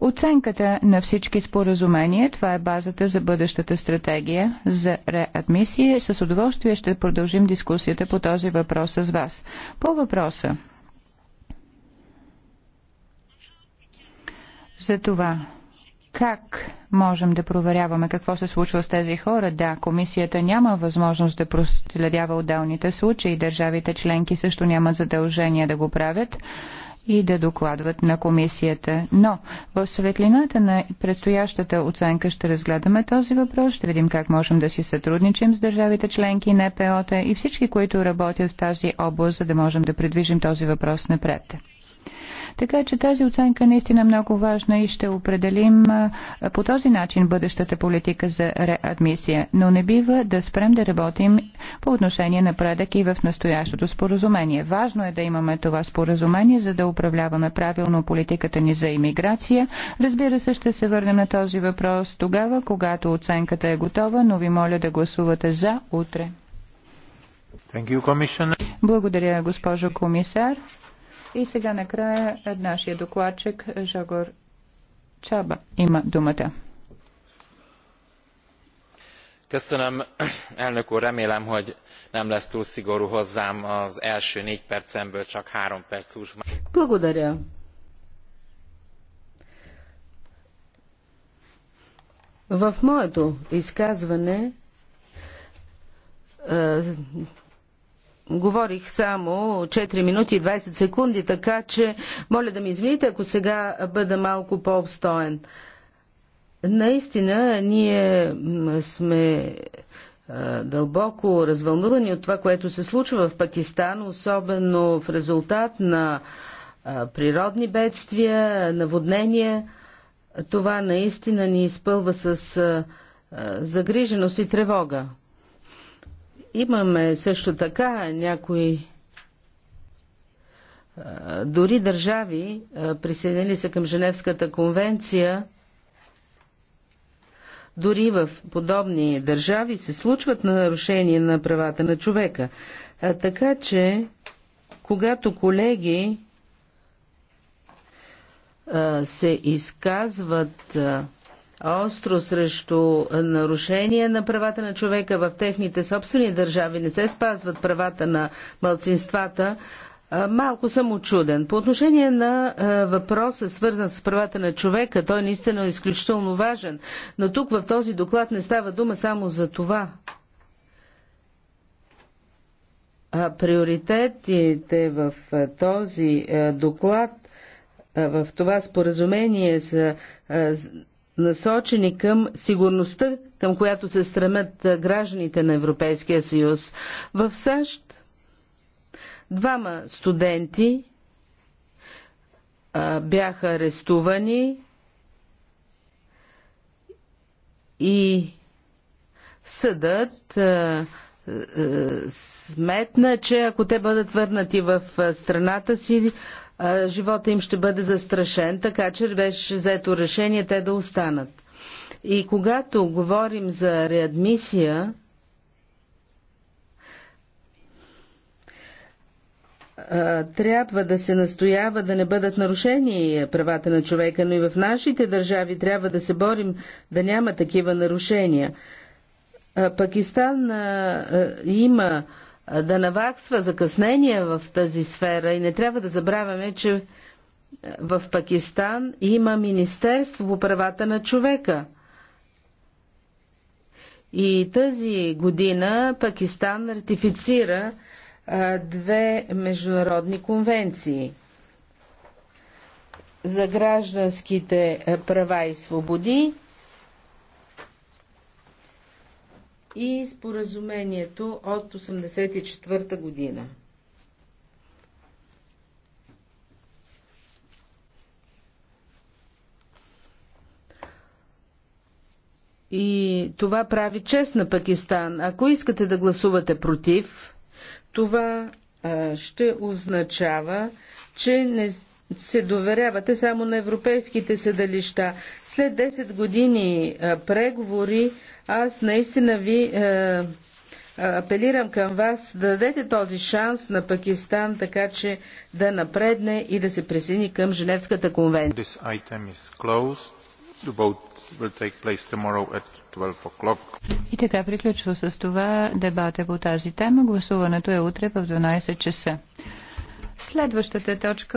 Оценката на всички споразумения, това е базата за бъдещата стратегия за реадмисия. С удоволствие ще продължим дискусията по този въпрос с вас. По въпроса за това как можем да проверяваме какво се случва с тези хора? Да, комисията няма възможност да проследява отделните случаи. Държавите членки също нямат задължение да го правят и да докладват на комисията. Но в светлината на предстоящата оценка ще разгледаме този въпрос, ще видим как можем да си сътрудничим с държавите членки, НПО-та и всички, които работят в тази област, за да можем да придвижим този въпрос напред. Така че тази оценка наистина е много важна и ще определим по този начин бъдещата политика за реадмисия. Но не бива да спрем да работим по отношение напредък и в настоящото споразумение. Важно е да имаме това споразумение, за да управляваме правилно политиката ни за иммиграция. Разбира се, ще се върнем на този въпрос тогава, когато оценката е готова, но ви моля да гласувате за утре. You, Благодаря, госпожо комисар. И сега накрая нашия докладчик Жагор Чаба има думата. Köszönöm, elnök úr, remélem, hogy nem lesz túl szigorú hozzám az első négy percemből, csak három perc úr. Благодаря. В моето изказване Говорих само 4 минути и 20 секунди, така че моля да ми извините, ако сега бъда малко по-обстоен. Наистина, ние сме дълбоко развълнувани от това, което се случва в Пакистан, особено в резултат на природни бедствия, наводнения. Това наистина ни изпълва с загриженост и тревога. Имаме също така някои дори държави, присъединили се към Женевската конвенция, дори в подобни държави се случват на нарушение на правата на човека. А, така че, когато колеги а, се изказват а, остро срещу нарушения на правата на човека в техните собствени държави, не се спазват правата на мълцинствата, Малко съм очуден. По отношение на въпроса, свързан с правата на човека, той наистина е изключително важен, но тук в този доклад не става дума само за това. приоритетите в този доклад, в това споразумение са насочени към сигурността, към която се стремят гражданите на Европейския съюз. В САЩ двама студенти а, бяха арестувани и съдът а, сметна, че ако те бъдат върнати в страната си, живота им ще бъде застрашен, така че беше взето решение те да останат. И когато говорим за реадмисия, трябва да се настоява да не бъдат нарушени правата на човека, но и в нашите държави трябва да се борим да няма такива нарушения. Пакистан има да наваксва закъснение в тази сфера и не трябва да забравяме, че в Пакистан има Министерство по правата на човека. И тази година Пакистан ратифицира а, две международни конвенции за гражданските права и свободи и споразумението от 1984 година. И това прави чест на Пакистан. Ако искате да гласувате против, това а, ще означава, че не се доверявате само на европейските съдалища. След 10 години а, преговори аз наистина ви е, е, апелирам към вас да дадете този шанс на Пакистан, така че да напредне и да се присъедини към Женевската конвенция. И така приключва с това дебата по тази тема. Гласуването е утре в 12 часа. Следващата точка